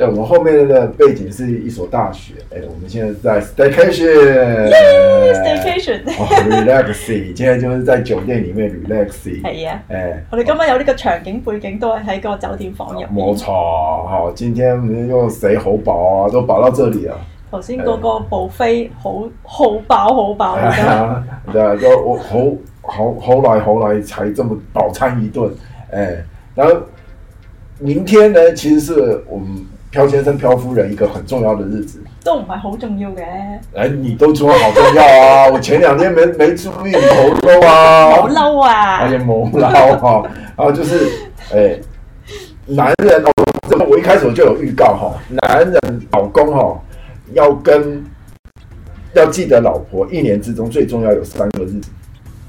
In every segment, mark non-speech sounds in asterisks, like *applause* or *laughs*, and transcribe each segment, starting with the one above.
對我們後面個背景是一所大學，哎，我們現在在 staycation，staycation，relaxing，今天就是在酒店裏面 relaxing，係啊，誒 Yeah,、哎，我哋今晚有呢個場景背景都係喺個酒店房入，冇錯，哦，今天又食好飽啊，都飽到這裏啊，頭先嗰個 buffet、哎、好好飽好飽，係、哎、對啊， *laughs* 都我好好後來後來才這麼飽餐一頓，誒、哎，然後明天呢，其實是我們。漂先生、漂夫人一個很重要的日子，都唔係好重要嘅。哎，你都說好重要啊！ *laughs* 我前兩天沒沒注意，好嬲啊，好嬲啊，有點冇嬲哈。哦、 *laughs* 然後就是，誒、哎，男人哦，我一開始就有預告哈、哦，男人老公哦，要跟要記得老婆一年之中最重要有三個日子。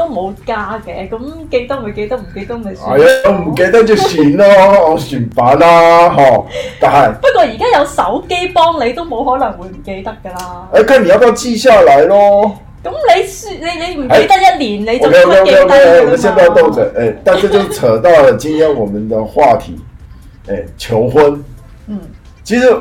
都冇加嘅，咁、嗯、記得咪記得，唔記得咪算。啊，我唔記得就算咯，我算反啦，嗬、 *laughs* 哦哦。但係不過而家有手機幫你，都冇可能會唔記得噶啦。誒、哎，睇你要不要記下來咯。咁、嗯嗯、你你你唔記得一年，哎、你就唔記得啦。我們先到到咗，誒、哎，但係就扯到了今天我們的話題，誒、 *laughs* 哎，求婚。嗯，其實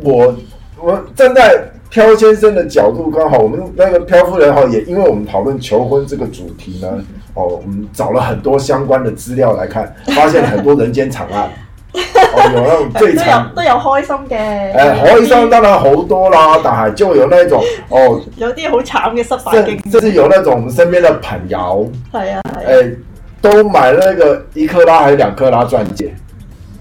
我我正在。漂先生的角度剛好，我們那個漂夫人哈，也因為我們討論求婚這個主題呢，哦，我們找了很多相關的資料來看，發現很多人間慘案， *laughs* 哦，有那種最慘，都有開心嘅，誒、哎，開心、哦、當然好多啦，但係就有那種哦，有啲好慘嘅失敗經，就是有那種我們身邊的朋友，係 *laughs* 啊，誒、哎，都買那個一克拉還是兩克拉鑽戒。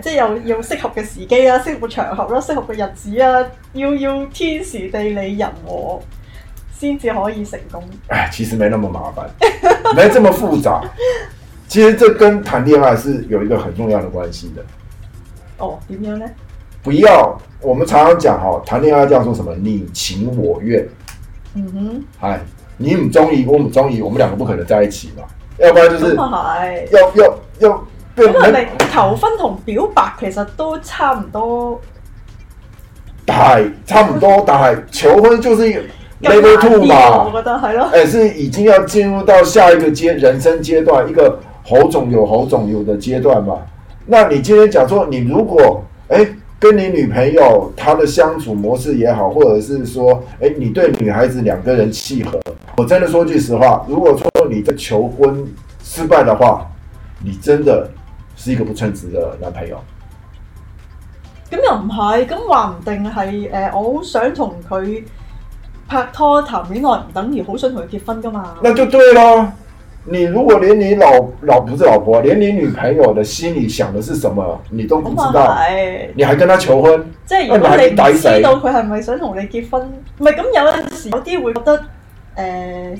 即係又要適合嘅時機啊，適合嘅場合啦，啊，適合嘅日子啊，要要天時地利人和，先至可以成功。唉，其實冇咁麻煩，冇咁 *laughs* 複雜。其實這跟談戀愛是有一個很重要的關係的。哦，點樣呢？不要，我們常常講，哈，談戀愛叫做什麼？你情我願。嗯哼。唉，你唔中意，我唔中意，我們兩個不可能在一起嘛。要不然就是，要要，嗯，要。要要咁咪對求婚同表白其實都差唔多大，係對差唔多大，大係 *laughs* 求婚就是 level two 嘛，我覺得係咯，誒，是已經要進入到下一個階人生階段一個好總有好總有的階段嘛。那你今天講說，你如果誒跟你女朋友她的相處模式也好，或者是說誒你對女孩子兩個人契合，我真的說句實話，如果說你的求婚失敗的話，你真的。是一個不稱職的男朋友，咁又唔係，咁話唔定係誒、呃，我好想同佢拍拖、談戀愛，唔等於好想同佢結婚㗎嘛？那就對啦，你如果連你老老，是老婆、老婆連你女朋友的心裏想的是什麼，你都唔知道，你還跟他求婚，即係如果你，你知道佢係咪想同你結婚，唔係咁有陣時有啲會覺得。誒，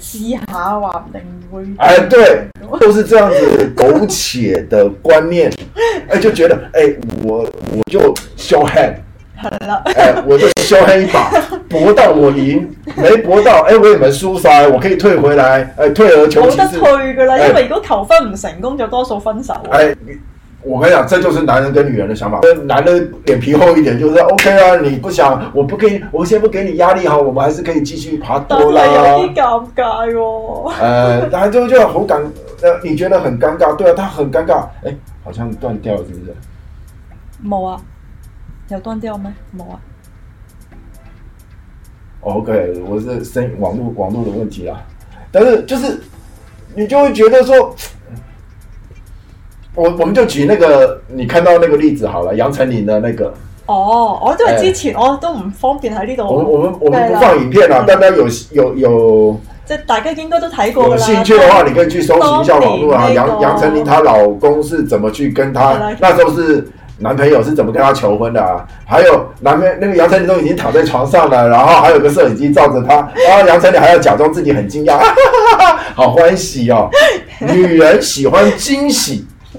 試下，話唔定會誒、哎，對，都、就是這樣子苟且的觀念，誒、 *laughs* 哎，就覺得誒、哎，我我就 show hand，誒、 *laughs* 哎，我就 show hand 一把，搏 *laughs* 到我贏，没搏到，誒、哎，我也冇輸晒？我可以退回來，誒、哎，退而求其次，冇得退噶啦，因為如果求婚唔成功，哎、就多數分手、啊。哎我跟你講，這就是男人跟女人的想法。男人臉皮厚一點，就是 OK 啊，你不想，我不給，我先不給你壓力好，我們還是可以繼續爬多來。到是有啲尷尬哦。呃，然後就就好尷，呃，你覺得很尷尬，對啊，他很尷尬，哎，好像斷掉了，是不是？冇啊，有斷掉嗎？冇啊。OK，我是聲網絡網絡的問題啊。但是就是你就會覺得說。我我們就舉那個你看到那個例子好了，楊丞琳的那個。哦，我都係之前我、欸、都唔方便喺呢度。我我們我們不放影片啊，啦但係有有有，即大家應該都睇過了，有興趣的話，你可以去搜尋一下網絡啊。楊楊丞琳她老公是怎麼去跟她，啦那時候是男朋友是怎麼跟她求婚的啊？還有男朋友，那個楊丞琳都已經躺在床上了，然後還有個攝影機照着她，啊，楊丞琳還要假裝自己很驚訝，啊，好歡喜哦， *laughs* 女人喜歡驚喜。 *laughs*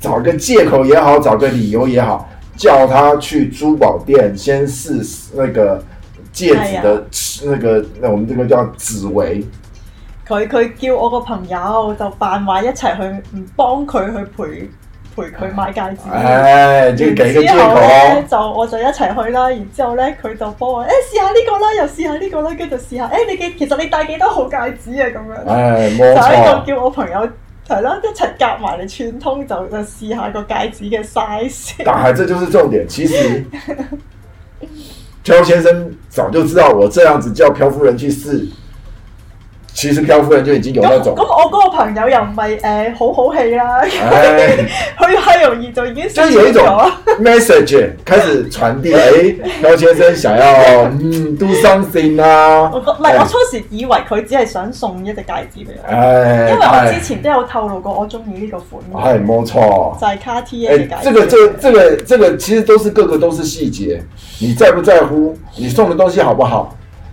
找個借口也好，找個理由也好，叫他去珠寶店先試那個戒指的，那個，啊那個、那我們這個叫紫薇。佢佢叫我個朋友就扮埋一齊去，唔幫佢去陪陪佢買戒指。誒、哎，自己都追就我就一齊去啦，然後之後咧佢就幫我誒試、欸、下呢個啦，又試下呢個啦，跟住試下誒、欸、你幾其實你戴幾多號戒指啊咁樣。誒、哎，冇錯。就喺度叫我朋友。係啦，一齊夾埋嚟串通，就就試下個戒指嘅 size。但係，這就是重點。其實，漂 *laughs* 先生早就知道我這樣子叫漂夫人去試。其實高夫人就已經有那種，咁我嗰個朋友又唔係誒好好氣啦，佢太、哎、 *laughs* 容易就已經 message 開始傳遞，誒、 *laughs* 哎，先生想要、 *laughs* 嗯、do something 啦、啊。唔我，、哎、我初時以為佢只係想送一隻戒指俾我，哎、因為我之前都有透露過我中意呢個款。係冇、哎、錯，就係卡 t 嘅戒指。呢、哎、這就這、呢個、呢、這個這個，其實都是個個都是細節，你在不在乎你送嘅東西好不好？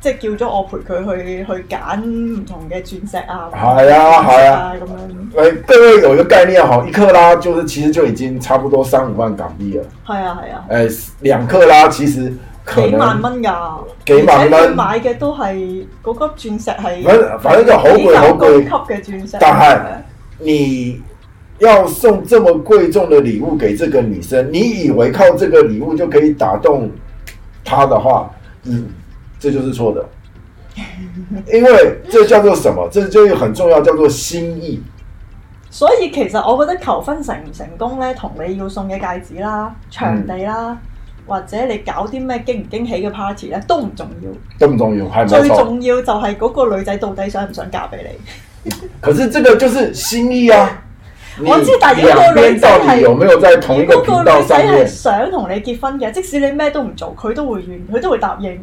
即係叫咗我陪佢去去揀唔同嘅鑽石啊！係啊係啊咁、啊啊、樣。誒，各位有一個概念嚇，一克拉就是其實就已經差不多三五萬港幣啊。係啊係啊。誒、哎，兩克拉其實幾萬蚊㗎。幾萬蚊買嘅都係嗰個鑽石係，反正就好貴好貴級嘅鑽石。但係是、啊、你要送這麼貴重嘅禮物給這個女生，你以為靠這個禮物就可以打動她的話，嗯？這就是錯的，因為這叫做什麼？這就很重要，叫做心意。所以其實我覺得求婚成唔成功呢，同你要送嘅戒指啦、場地啦，嗯、或者你搞啲咩驚唔驚喜嘅 party 咧，都唔重要。都唔重要，係冇錯。最重要就係嗰個女仔到底想唔想嫁俾你。可是這個就是心意啊！我知，但係呢個女仔係如果個女仔係想同你結婚嘅，即使你咩都唔做，佢都會願，佢都會答應。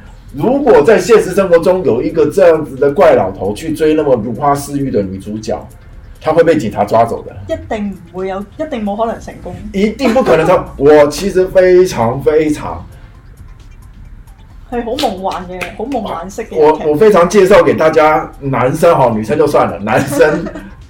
如果在現實生活中有一個這樣子的怪老頭去追那麼如花似玉的女主角，他會被警察抓走的。一定不會有，一定冇可能成功。一定 *laughs* 不可能。他我其實非常非常，係好夢幻嘅，好夢幻式嘅。我我非常介紹給大家，男生好，女生就算了，男生。 *laughs*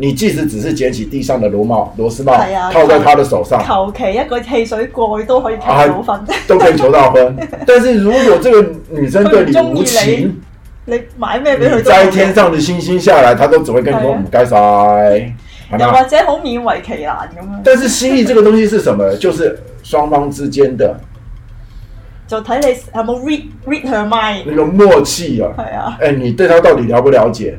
你即使只是撿起地上的螺帽，螺絲帽，套、係啊、在他的手上，求其一個汽水蓋都可以求到分，啊，都可以求到分。 *laughs* 但是如果這個女生對你無情，你，你買咩俾佢？摘天上的星星下來，他都只會跟你說唔該晒。啊，該又或者好勉為其難咁樣。但是心意這個東西是什麼？就是雙方之間的， *laughs* 就睇你有冇 read read her mind，那個默契啊。係啊，誒、欸，你對他到底了不了解？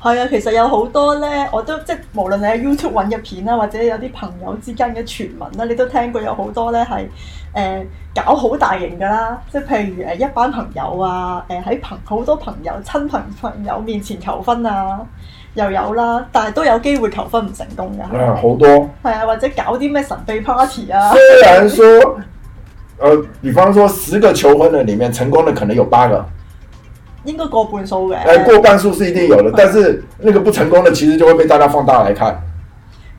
係啊，其實有好多咧，我都即係，無論你喺 YouTube 搵嘅片啦、啊，或者有啲朋友之間嘅傳聞啦，你都聽過有好多咧，係誒搞好大型噶啦，即係譬如誒一班朋友啊，誒、呃、喺朋好多朋友親朋朋友面前求婚啊，又有啦，但係都有機會求婚唔成功噶、哎，好多係啊，或者搞啲咩神秘 party 啊。雖然說，誒、 *laughs* 呃，比方說十個求婚嘅裏面，成功嘅可能有八個。應該過半數嘅，誒、哎，過半數是一定有嘅，但是那個不成功的其實就會被大家放大來看。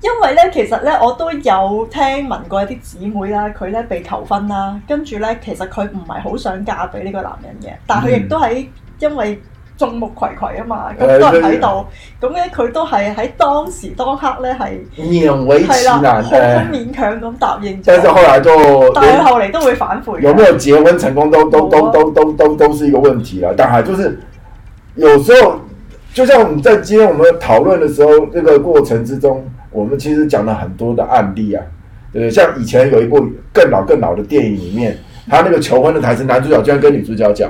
因為咧，其實咧，我都有聽聞過一啲姊妹啦，佢咧被求婚啦，跟住咧，其實佢唔係好想嫁俾呢個男人嘅，但係佢亦都喺因為。眾目睽睽啊嘛，咁、哎、都喺度，咁咧佢都係喺當時當刻咧係勉為其難嘅，好勉強咁答應。但是後來就，但係後嚟都會反悔。有沒有結婚成功都、啊、都都都都都都是一個問題啦。但係就是，有時候就像我們在今天我們討論的時候，這個過程之中，我們其實講了很多的案例啊。誒、就是，像以前有一部更老更老的電影裡面，他那個求婚的台詞，男主角居然跟女主角講。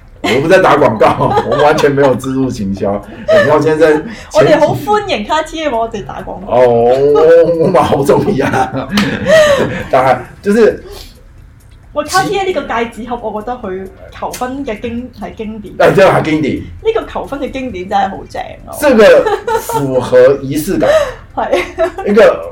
我唔在打廣告，我完全沒有自助行銷。我 *laughs* 先生，我哋好歡迎卡 T M 幫我哋打廣告。哦，我我,我好中意啊！但係， *laughs* *laughs* 就是我卡 T M 呢個戒指盒，我覺得佢求婚嘅經係經典，係係、哎、經典。呢個求婚嘅經典真係好正咯、哦，即係個符合儀式感，係 *laughs* 對 個。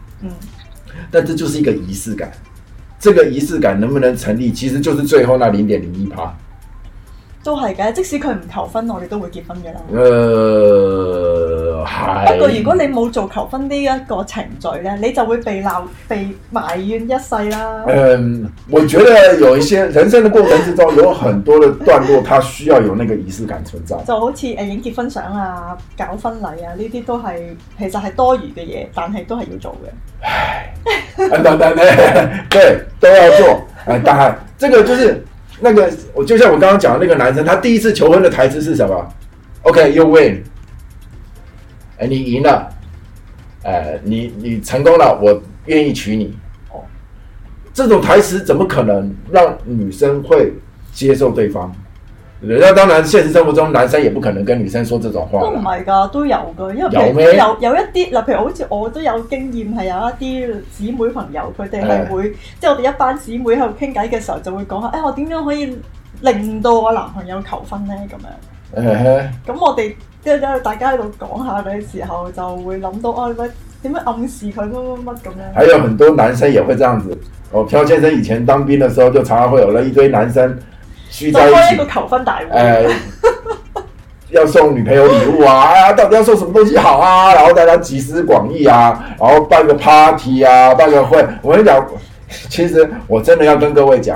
但這就是一個儀式感，這個儀式感能不能成立，其實就是最後那零點零一趴。都係嘅，即使佢唔求婚，我哋都會結婚嘅啦。呃不過如果你冇做求婚呢一個程序呢，你就會被鬧、被埋怨一世啦。誒，um, 我覺得有一些人生的過程之中，有很多的段落，它需要有那個儀式感存在。就好似誒影結婚相啊、搞婚禮啊，呢啲都係其實係多餘嘅嘢，但係都係要做嘅。唉， *laughs* *laughs* 對，都要做，但係，這個就是那個我，就像我剛剛講嘅那個男生，他第一次求婚嘅台詞是什麼？OK，You win。你贏啦，誒、哎，你了、呃、你，你成功啦，我願意娶你，哦，這種台詞怎麼可能讓女生會接受對方？那當然，現實生活中男生也不可能跟女生說這種話。都唔係噶，都有噶，因為譬如有沒有，有，有一啲，嗱，譬如好似我都有經驗，係有一啲姊妹朋友，佢哋係會，哎、即係我哋一班姊妹喺度傾偈嘅時候，就會講下，誒、哎，我點樣可以令到我男朋友求婚咧？咁樣，咁、哎、我哋。跟住大家喺度講下嘅時候，就會諗到哦，點樣暗示佢乜乜乜咁樣。還有很多男生也會這樣子。我、哦、漂先生以前當兵嘅時候，就常常會有一堆男生聚在一起一個求婚大會。呃、 *laughs* 要送女朋友禮物啊，啊，到底要送什麼東西好啊？然後大家集思廣益啊，然後辦個 party 啊，辦個會。我跟你講，其實我真的要跟各位講。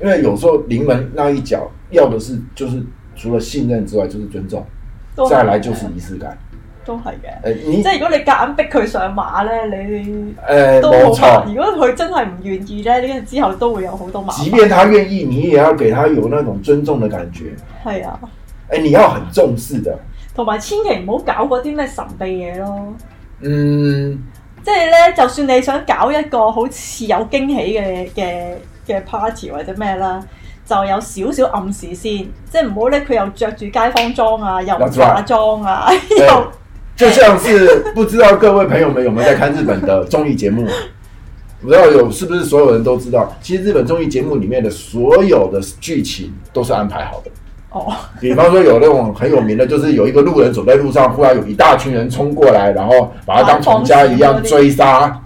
因為有時候臨門那一腳要的是，就是除了信任之外，就是尊重，再來就是儀式感，都係嘅。欸、即係如果你夾硬逼佢上馬咧，你誒都冇錯。欸、錯，如果佢真係唔願意咧，你之後都會有好多麻煩。即便他願意，你也要給他有那種尊重嘅感覺。係啊，誒、欸，你要很重視的，同埋千祈唔好搞嗰啲咩神秘嘢咯。嗯，即係咧，就算你想搞一個好似有驚喜嘅嘅嘅 party 或者咩啦，就有少少暗示先，即係唔好咧，佢又着住街坊裝啊，又化妝啊，又，就像是 *laughs* 不知道各位朋友們有冇在看日本的綜藝節目？唔 *laughs* 知道有，是不是所有人都知道？其實日本綜藝節目裏面的所有的劇情都是安排好的。哦，oh. *laughs* 比方說有那種很有名的，就是有一個路人走在路上，忽然有一大群人衝過來，然後把他當屠家一樣追殺。 *laughs*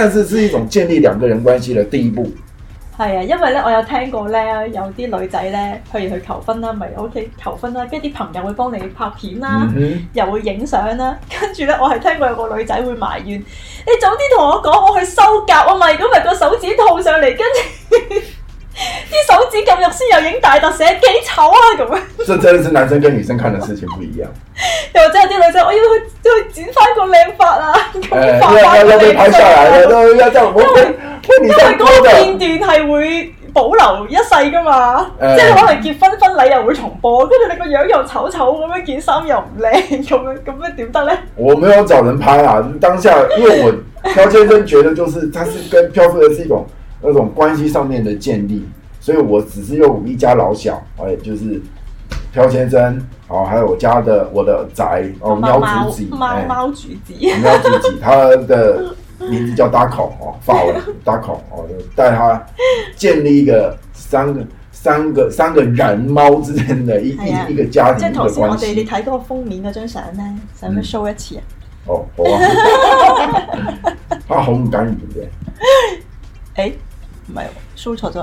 但是是一種建立兩個人關係的第一步。係啊，因為咧，我有聽過咧，有啲女仔咧，譬如去求婚啦、啊，咪 O K 求婚啦、啊，跟啲朋友會幫你拍片啦、啊，嗯、哼又會影相啦，跟住咧，我係聽過有個女仔會埋怨：你早啲同我講，我去修甲，我咪如果唔係個手指套上嚟，跟。入肉先又影大特寫，特寫幾醜啊！咁啊，這樣 *laughs* 這真係男生跟女生看的事情不一樣。又或者有啲女仔，我要去去剪翻個靚髮啊，咁化翻個妝你有拍晒啦，都因為嗰個片段係會保留一世噶嘛。欸、即係可能結婚婚禮又會重播，跟住你個樣又醜醜咁樣，件衫又唔靚咁樣，咁樣點得咧？我沒有找人拍啊，當下因為我漂 *laughs* 先生覺得，就是他是跟漂夫人是一種那 *laughs* 種關係上面的建立。.所以我只是用一家老小，哎，就是漂先生，還有我家的我的宅。哦，貓主子，貓貓主子，貓主子，他的名字叫大孔哦，發文大孔哦，帶他建立一個三個三個三個人貓之間的一一個家庭的關係。你睇個封面張相咧，使唔使 show 一次啊？哦，好啊，好唔緊要嘅，哎，唔係 show 錯咗。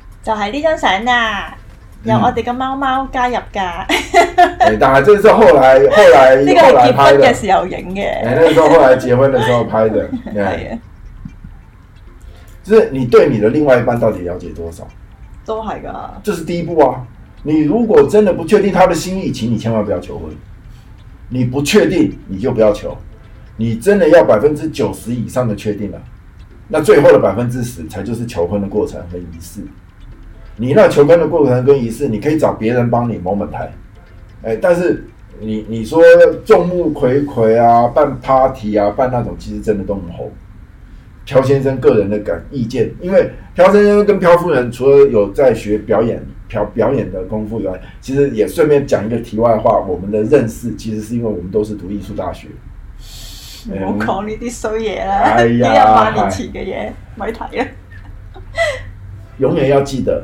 就係呢張相啊，由我哋嘅貓貓加入噶、嗯欸。但係，這是後來、後來後、後來拍嘅。呢個結婚嘅時候影嘅。欸、那時候後來結婚的時候拍嘅。係。就是你對你的另外一半到底了解多少？都係噶。這是第一步啊！你如果真的不確定他的心意，請你千萬不要求婚。你不確定你就不要求。你真的要百分之九十以上的確定啊。那最後的百分之十才就是求婚的過程和儀式。你那求婚的過程跟儀式，你可以找別人幫你蒙本台，但是你你說眾目睽睽啊，辦 party 啊，辦那種，其實真的都很好。漂先生個人的感意見，因為漂先生跟漂夫人除了有在學表演，表、表演的功夫以外，其實也順便講一個題外的話，我們的認識其實是因為我們都是讀藝術大學。我、嗯、講，你啲衰嘢啦！八年前嘅嘢，咪睇、哎、永遠要記得。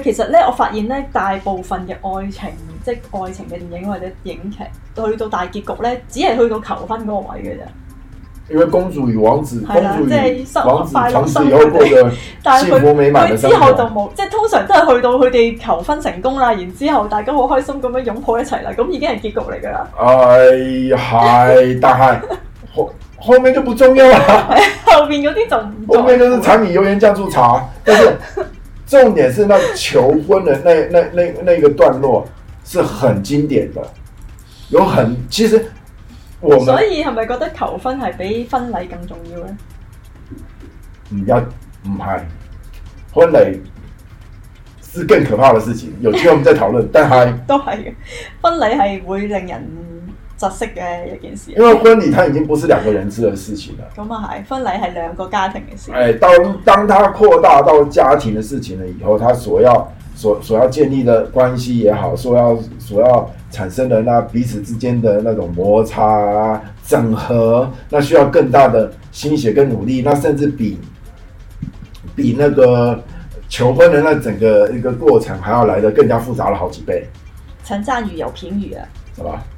其實咧，我發現咧，大部分嘅愛情，即係愛情嘅電影或者影劇，去到大結局咧，只係去到求婚嗰個位嘅啫。因為公主與王子，公主與王子快樂生活，但係佢佢之後就冇，即係通常都係去到佢哋求婚成功啦，然之後大家好開心咁樣擁抱一齊啦，咁已經係結局嚟噶啦。係係、哎哎，但係 *laughs* 後後面都唔重要啦。後面嗰啲就唔重要。後面都 *laughs* 後面後面係柴米油鹽醬醋茶， *laughs* 重點是那求婚的那那那那個段落是很經典的，有很其實我，我所以係咪覺得求婚係比婚禮更重要咧？唔要，唔係，婚禮是更可怕的事情。有機會我們再討論。 *laughs* 但係是都係，婚禮係會令人。熟悉嘅一件事、啊，因為婚禮，它已經不是兩個人之嘅事情啦。咁啊係，婚禮係兩個家庭嘅事情。誒、哎，當當它擴大到家庭嘅事情咧，以後，它所要所所要建立嘅關係也好，所要所要產生的那彼此之間的那種摩擦啊、整合，那需要更大的心血跟努力，那甚至比比那個求婚的那整個一個過程，還要來得更加複雜了好幾倍。陳湛宇有評語、啊，係嘛？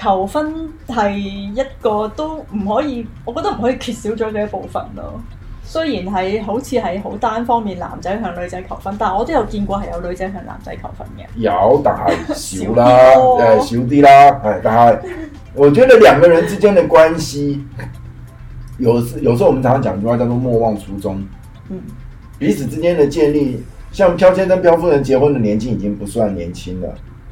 求婚係一個都唔可以，我覺得唔可以缺少咗嘅一部分咯。雖然係好似係好單方面男仔向女仔求婚，但係我都有見過係有女仔向男仔求婚嘅。有，但係少啦，誒少啲啦，係。但係，我覺得兩個人之間嘅關係，有時，有時候我們常常講句話叫做莫忘初衷。嗯，彼此之間嘅建立，像漂先生、漂夫人結婚嘅年紀已經不算年輕了。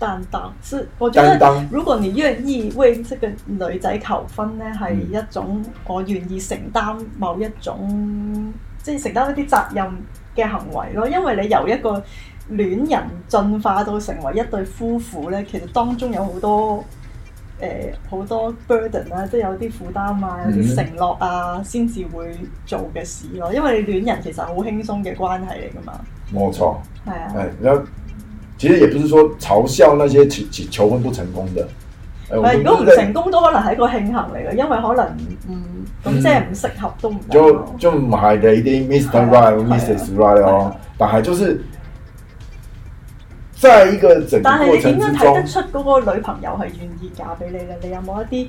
但，但，即，我覺得如果你願意為這個女仔求婚咧，係一種我願意承擔某一種即係承擔一啲責任嘅行為咯。因為你由一個戀人進化到成為一對夫婦咧，其實當中有好多誒呃、好多 burden 啊，即係有啲負擔啊，有啲承諾啊，先至、嗯、會做嘅事咯。因為你戀人其實好輕鬆嘅關係嚟㗎嘛，冇錯錯，係啊，係其實也不是說嘲笑那些求、嗯、求婚不成功的，誒，如果唔成功都可能係一個慶幸嚟嘅，因為可能，唔、嗯，咁即係唔適合都唔就唔埋一啲 Mr. Right，Mrs. Right 哦，啊、但係就是即係呢整個過程之中但係你點樣睇得出嗰個女朋友係願意嫁俾你咧？你有冇一啲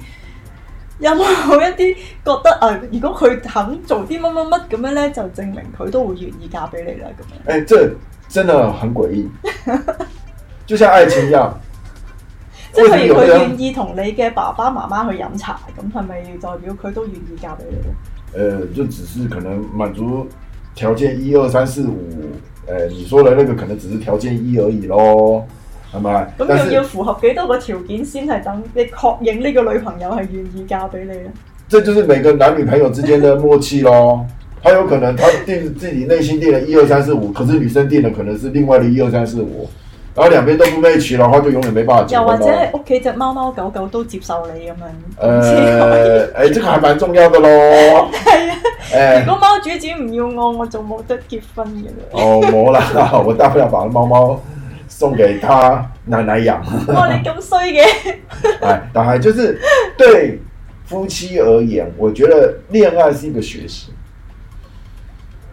有冇好一啲覺得誒、啊，如果佢肯做啲乜乜乜咁樣咧，就證明佢都會願意嫁俾你啦，咁樣誒，即係、哎。真的很詭異， *laughs* 就像愛情一樣。即係譬如佢願意同你嘅爸爸媽媽去飲茶，咁係咪代表佢都願意嫁俾你？誒、呃，就只是可能滿足條件一二三四五，誒，你講嘅那個可能只是條件一而已咯，係咪？咁、嗯、是又要符合幾多個條件先係等你確認呢個女朋友係願意嫁俾你呢，即就是每個男女朋友之間嘅默契咯。 *laughs* 他有可能，他定自己內心定的，一二三四五，可是女生定的可能是另外的一二三四五，然後兩邊都不被取，然後就永遠沒辦法結婚咯。又或者屋企隻貓貓狗狗都接受你咁、呃、樣，誒誒、哎，誒，呢個還蠻重要的咯。是哎、如果貓主子唔要我，我就冇得結婚噶、哦、啦。哦，冇啦，我大不了把貓貓送給他奶奶養。哇、哦，你咁衰嘅！ *laughs* 哎，但係就是對夫妻而言，我覺得戀愛是一個學習。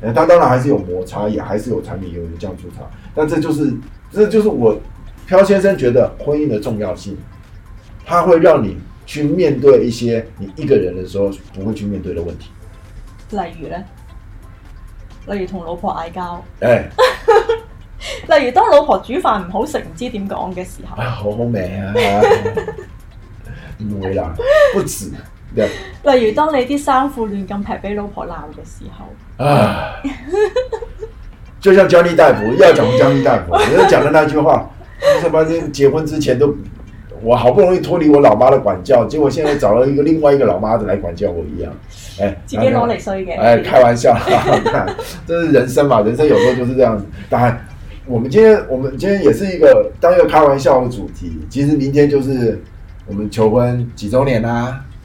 但他當然還是有摩擦，也還是有柴米油鹽醬醋茶，但這就是這就是我，漂先生覺得婚姻，的重要性，他會讓你去面對一些你一個人的時候不會去面對的問題。例如呢？例如同老婆嗌交。哎。 *laughs* 例如當老婆煮飯唔好食，唔知點講嘅時候。哎、啊，好好味啊！唔，不止。對例如當你啲衫褲亂咁劈俾老婆鬧嘅時候，啊，就像家庭大夫，要講家庭大夫，你要講的那句話，你什麼結婚之前都我好不容易脫離我老媽的管教，結果現在找了一個另外一個老媽子來管教我一樣，誒、 *laughs* 哎，自己攞嚟衰嘅？哎，開玩笑，哈哈、 *laughs* 啊，這是人生嘛，人生有時候就是這樣子。當然，我們今天我們今天也是一個當一個開玩笑的主題，其實明天就是我們求婚幾周年啦、啊。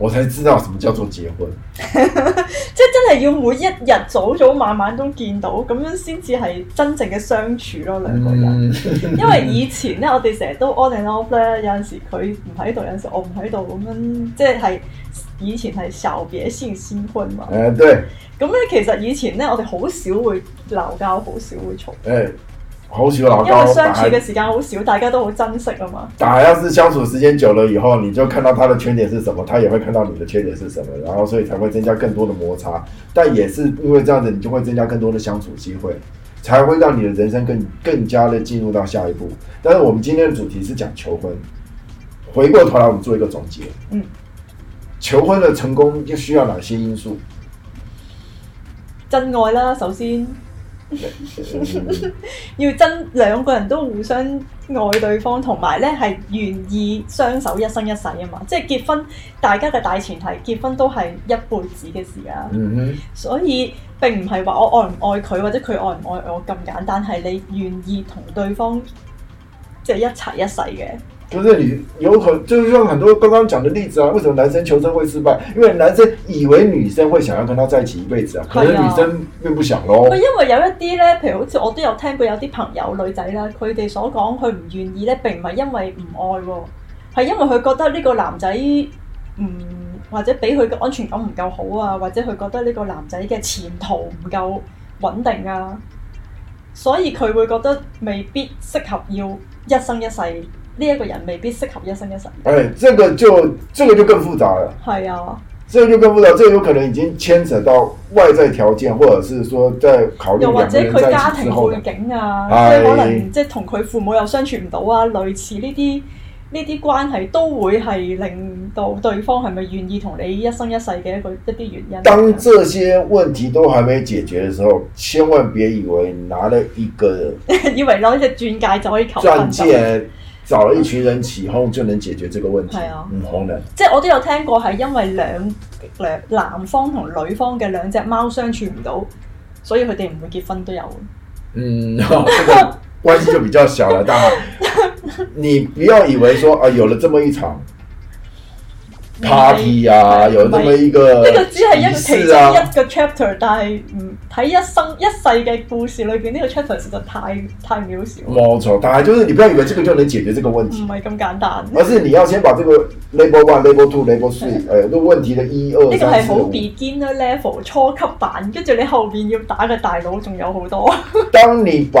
我才知道什麼叫做結婚， *laughs* 即係真係要每一日早早晚晚都見到，咁樣先至係真正嘅相處咯，兩個人。嗯、 *laughs* 因為以前咧，我哋成日都 on and off 咧，有陣時佢唔喺度，有陣時我唔喺度，咁樣即係以前係小別先先婚嘛。誒、欸、對。咁咧，其實以前咧，我哋好少會鬧交，好少會嘈。誒、欸。好少老，因為相處的時間好少，大家都好珍惜啊嘛。但係要是相處時間久了以後，你就看到他的缺點是什麼，他也會看到你的缺點是什麼，然後所以才會增加更多的摩擦。嗯、但也是因為這樣子，你就會增加更多的相處機會，才會讓你的人生更更加的進入到下一步。但是我們今天的主題是講求婚，回過頭來我們做一個總結。嗯，求婚的成功又需要哪些因素？真愛啦，首先。 *laughs* 要真兩個人都互相愛對方，同埋咧係願意相守一生一世啊嘛！即係結婚，大家嘅大前提，結婚都係一輩子嘅事啊。Mm hmm. 所以並唔係話我愛唔愛佢，或者佢愛唔愛我咁簡單，係你願意同對方即係、就是、一齊一世嘅。就是你有可，就是用很多剛剛講的例子啊。為什麼男生求婚會失敗？因為男生以為女生會想要跟他在一起一輩子啊，是啊，可能女生並不想咯。因為有一啲咧，譬如好似我都有聽過有啲朋友女仔啦，佢哋所講佢唔願意咧，並唔係因為唔愛喎，係因為佢覺得呢個男仔唔或者俾佢嘅安全感唔夠好啊，或者佢覺得呢個男仔嘅前途唔夠穩定啊，所以佢會覺得未必適合要一生一世。呢一個人未必適合一生一世。誒、哎，這個就，這個就更複雜啦。係啊，這個就更複雜，這個有可能已經牽扯到外在條件，或者是說在考慮兩個人。又或者佢家庭背景啊，哎、即係可能即係同佢父母又相處唔到啊，類似呢啲呢啲關係都會係令到對方係咪願意同你一生一世嘅一個一啲原因，啊。當這些問題都還未解決嘅時候，千萬別以為拿了一個 *laughs* 以為攞隻鑽戒就可以求婚。找了一群人起哄就能解決這個問題。係、啊、唔可能。即係我都有聽過，係因為兩兩男方同女方嘅兩隻貓相處唔到，所以佢哋唔會結婚都有的。嗯，呢、哦，這個關係就比較小啦， *laughs* 但係你不要以為說啊，有了這麼一場。party 啊，是有咁樣一個呢、啊這個只係一個其中一個 chapter，啊、但係唔睇一生一世嘅故事裏邊呢、這個 chapter 實在太太渺小。冇錯，但係就是你不要以為這個就能解決這個問題，唔係咁簡單。而是你要先把這個 level one、level two level three, 的、level 四誒問題嘅一、二，呢個係好 beginner、level 初級版，跟住你後邊要打嘅大佬仲有好多。當你把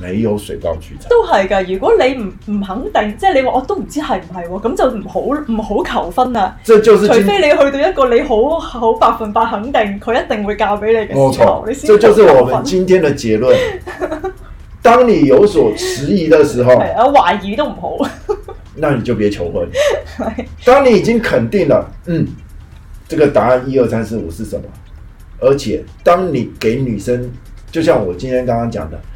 沒有水到渠成都係嘅。如果你唔唔肯定，即係你話我、哦、都唔知係唔係，咁就唔好唔好求婚啦。這就是除非你去到一個你好好百分百肯定，佢一定會嫁俾你嘅時候，冇錯，你先求婚。這就是我們今天的結論。當你有所遲疑的時候，我懷疑都唔好，那你就別求婚。 *laughs* 當你已經肯定了，嗯，這個答案一二三四五是什麼？而且當你給女生，就像我今天剛剛講的。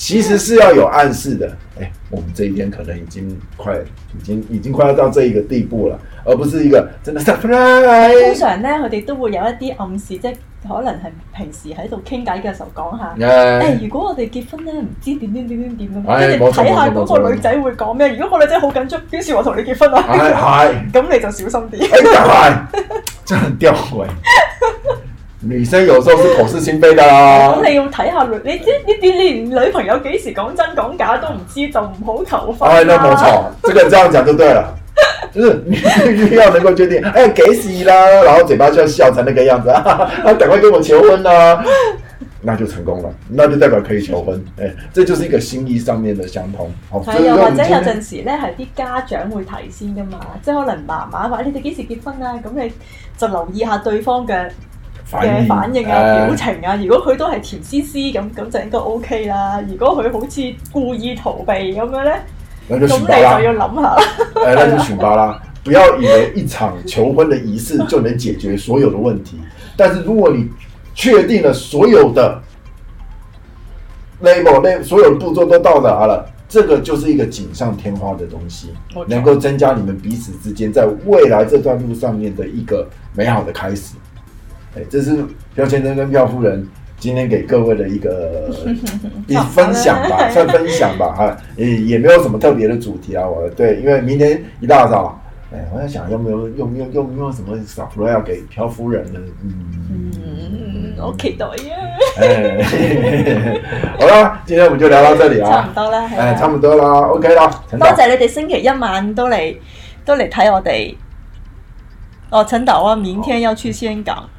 其實是要有暗示的，誒、哎，我們這一邊可能已經快，已經，已經快要到這一個地步了，而不是一個真的通常咧，佢哋都會有一啲暗示，即係可能係平時喺度傾偈嘅時候講下，誒 Yeah.、哎，如果我哋結婚咧，唔知點點點點點，跟住睇下嗰錯錯個女仔會講咩？如果個女仔好緊張，表示我同你結婚啊，咁你就小心啲，哎哎、 *laughs* 真係吊詭 *laughs* 女生有時候是口是心非的啦，咁、嗯、你要睇下女，你一呢啲你連女朋友幾時講真講假都唔知就唔好求婚啦。係、哎，冇錯，這個這樣講就對啦， *laughs* 就是你你你要能夠決定，哎，幾時啦，然後嘴巴就笑成那個樣子，哈哈啊，趕快跟我求婚啦，那就成功啦，那就代表可以求婚，誒、哎，這就是一個心意上面的相通。係啊、嗯好，或者有陣時咧，係啲家長會提先噶嘛，嗯、即係可能媽媽話你哋幾時結婚啊，咁你就留意下對方嘅。反應，反應啊，表情啊，欸、如果佢都係甜絲絲咁，咁就應該 OK 啦。如果佢好似故意逃避咁樣咧，咁你就要諗下。誒、欸，那就詐啦！ *laughs* 不要以為一場求婚的儀式就能解決所有的問題。 *laughs* 但是如果你確定了所有的 label、 *laughs* 所有的步驟都到達了，這個就是一個錦上添花的東西，Okay. 能夠增加你們彼此之間在未來這段路上面的一個美好的開始。哎，這是漂先生跟漂夫人今天給各位的一個，分享吧， *laughs* 算分享吧，哈，也也沒有什麼特別的主題啊。我對，因為明天一大早，哎，我在想有沒有，沒有有有有沒有什麼小福利要給漂夫人呢？嗯 *laughs* 嗯，嗯嗯我期待呀、啊！哎， *laughs* *laughs* 好了，今天我們就聊到這裏啊，差不多啦，哎、啊，差不多 OK 啦。OK、多謝你哋星期一晚都嚟都嚟睇我哋。哦，陳導啊，明天要去香港。哦嗯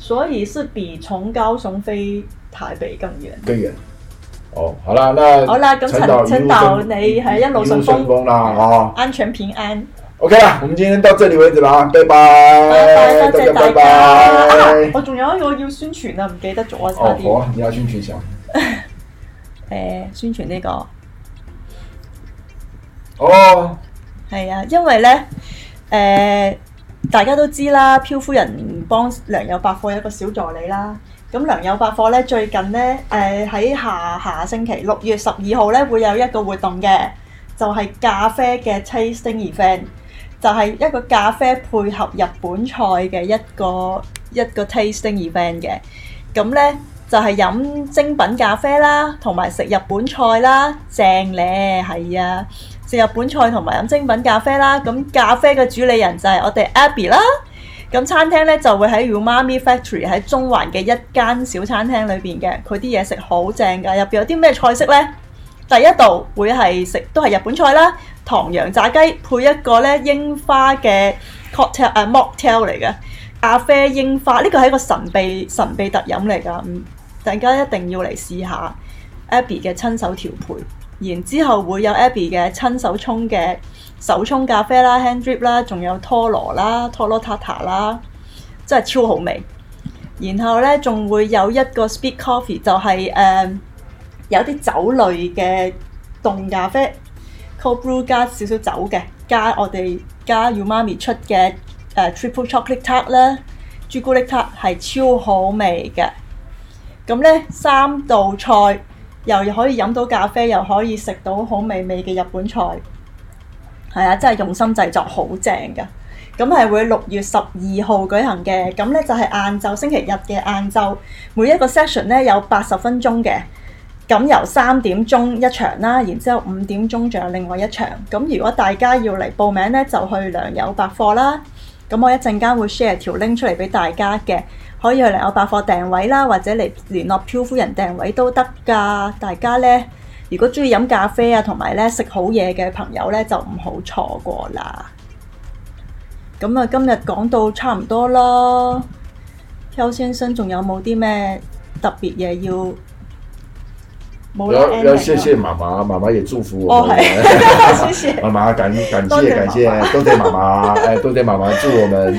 所以是比從高雄飛台北更遠。更遠。哦，好啦，那好啦，咁陳陳導你係一路順風，風啦，啊、哦，安全平安。O K 啦，我們今天到這裏為止啦，bye bye, 拜拜，再見，拜拜 bye。我仲、啊、有一個要要宣傳啊，唔記得咗啊，差啲、哦。好啊，你要宣傳先。誒、 *laughs* 呃，宣傳呢、這個。哦。係啊，因為咧，誒、呃。大家都知啦，漂夫人幫良友百貨一個小助理啦。咁良友百貨呢，最近呢，喺、呃、下下星期六月十二號呢，會有一個活動嘅，就係、是、咖啡嘅 tasting event，就係一個咖啡配合日本菜嘅一個一個 tasting event 嘅。咁呢，就係、是、飲精品咖啡啦，同埋食日本菜啦，正咧，係啊！食日本菜同埋飲精品咖啡啦，咁咖啡嘅主理人就係我哋 Abby 啦。咁餐廳呢，就會喺 Umami Factory 喺中環嘅一間小餐廳裏邊嘅，佢啲嘢食好正噶。入邊有啲咩菜式呢？第一度會係食都係日本菜啦，唐揚炸雞配一個咧櫻花嘅 cocktail、啊、誒 mocktail 嚟嘅咖啡櫻花，呢個係一個神秘神秘特飲嚟噶、嗯，大家一定要嚟試下 Abby 嘅親手調配。然之後會有 Abby 嘅親手沖嘅手沖咖啡啦，hand drip 啦，仲有拖羅啦，拖羅塔塔啦，真係超好味。然後呢，仲會有一個 speed coffee，就係誒有啲酒類嘅凍咖啡 cold brew 加少少酒嘅，加我哋加 U 媽咪出嘅 triple chocolate Tart 啦，朱古力 Tart 係超好味嘅。咁呢，三道菜。又可以飲到咖啡，又可以食到好美味嘅日本菜，係啊，真係用心製作，好正㗎。咁係會六月十二號舉行嘅，咁呢就係晏晝星期日嘅晏晝，每一個 session 呢有八十分鐘嘅，咁由三點鐘一場啦，然之後五點鐘仲有另外一場。咁如果大家要嚟報名呢，就去良友百貨啦。咁我一陣間會 share 條 link 出嚟俾大家嘅，可以去嚟我百貨訂位啦，或者嚟聯絡漂夫人訂位都得㗎。大家呢，如果中意飲咖啡啊，同埋呢食好嘢嘅朋友呢，就唔好錯過啦。咁啊，今日講到差唔多啦。漂先生仲有冇啲咩特別嘢要？要要謝謝媽媽，媽媽也祝福我們。謝謝媽媽，感感謝媽媽感謝，多謝媽媽， *laughs* 哎，多謝媽媽，祝我們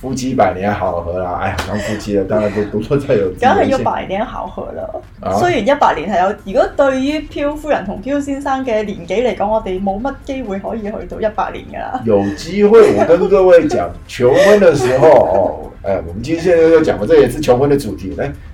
夫妻、哎、百年好合啦！哎，當夫妻了，多多有會當然都都真係有百年好合了、啊、雖然一百年係有，如果對於漂夫人同漂先生嘅年紀嚟講，我哋冇乜機會可以去到一百年噶啦。有機會，我跟各位講， *laughs* 求婚的時候哦，哎，我們今次現在要講嘅，這也是求婚的主題，嚟。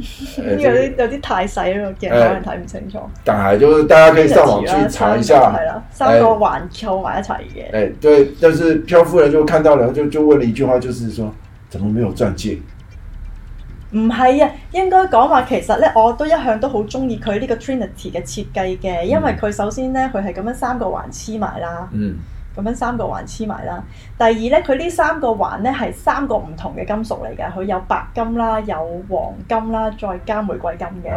*laughs* 有啲有啲太細啦，鏡頭可能睇唔清楚。哎、但係就是大家可以上網去查一下，係啦、啊，三個環扣埋一齊嘅。誒、哎，對，但、就是漂夫人就看到了，就就問了一句話，就是說，怎麼沒有鑽戒？唔係啊，應該講話其實咧，我都一向都好中意佢呢個 Trinity 嘅設計嘅，因為佢首先咧，佢係咁樣三個環黐埋啦。嗯。咁樣三個環黐埋啦。第二咧，佢呢三個環咧係三個唔同嘅金屬嚟嘅。佢有白金啦，有黃金啦，再加玫瑰金嘅。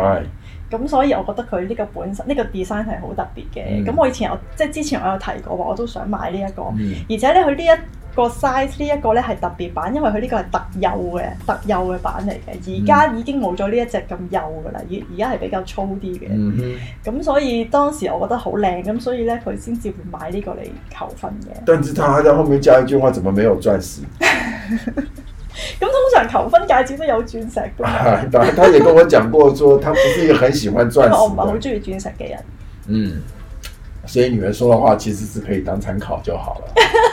咁係。所以我覺得佢呢個本身呢個 design 係好特別嘅。咁、嗯、我以前我即係之前我有提過話，我都想買呢一個。嗯、而且咧佢呢一個 size 個呢一個咧係特別版，因為佢呢個係特幼嘅、特幼嘅版嚟嘅。而家已經冇咗呢一隻咁幼噶啦，而而家係比較粗啲嘅。咁、嗯、哼所以當時我覺得好靚，咁所以咧佢先至會買呢個嚟求婚嘅。但是他喺在後面加一句話，怎麼沒有鑽石？咁 *laughs* 通常求婚戒指都有鑽石嘅。 *laughs* 啊，但係他也跟我講過說，說他唔係一個很喜歡鑽石。我唔係好中意鑽石嘅人。嗯，所以女人說的話其實是可以當參考就好了。 *laughs*